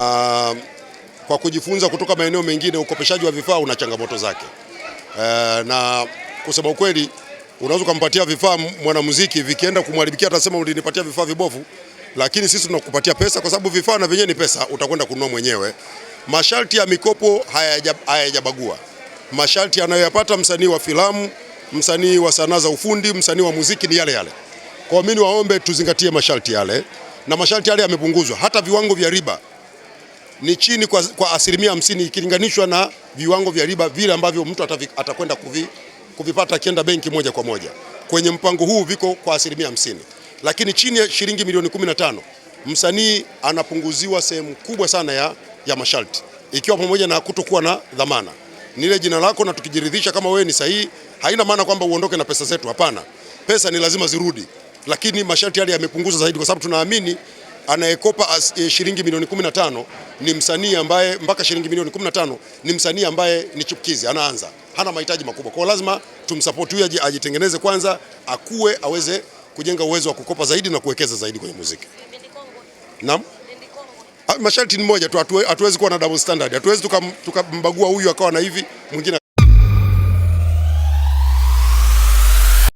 Uh, kwa kujifunza kutoka maeneo mengine, ukopeshaji wa vifaa una changamoto zake. Uh, na kusema ukweli, unaweza ukampatia vifaa mwanamuziki, vikienda kumharibikia atasema ulinipatia vifaa vibovu, lakini sisi tunakupatia pesa, kwa sababu vifaa na vyenyewe ni pesa, utakwenda kununua mwenyewe. Masharti ya mikopo hayajabagua, masharti anayoyapata msanii wa filamu, msanii wa sanaa za ufundi, msanii wa muziki ni yale yale. Kwa mimi niwaombe tuzingatie masharti yale, na masharti yale yamepunguzwa, hata viwango vya riba ni chini kwa, kwa asilimia hamsini ikilinganishwa na viwango vya riba vile ambavyo mtu atakwenda kuvi, kuvipata akienda benki moja kwa moja. Kwenye mpango huu viko kwa asilimia hamsini, lakini chini ya shilingi milioni 15 msanii anapunguziwa sehemu kubwa sana ya, ya masharti ikiwa pamoja na kutokuwa na dhamana. Ni ile jina lako, na tukijiridhisha kama wewe ni sahihi, haina maana kwamba uondoke na pesa zetu. Hapana, pesa ni lazima zirudi, lakini masharti yale yamepunguzwa zaidi, kwa sababu tunaamini anayekopa e, shilingi milioni 15 ni msanii ambaye mpaka shilingi milioni 15 ni msanii ambaye ni chipukizi, anaanza, hana mahitaji makubwa. Kwa lazima tumsupport huyu ajitengeneze kwanza, akue, aweze kujenga uwezo wa kukopa zaidi na kuwekeza zaidi kwenye muziki. Naam. Ah, masharti ni moja tu, hatuwezi kuwa na double standard, hatuwezi tukambagua tuka huyu akawa na hivi mwingine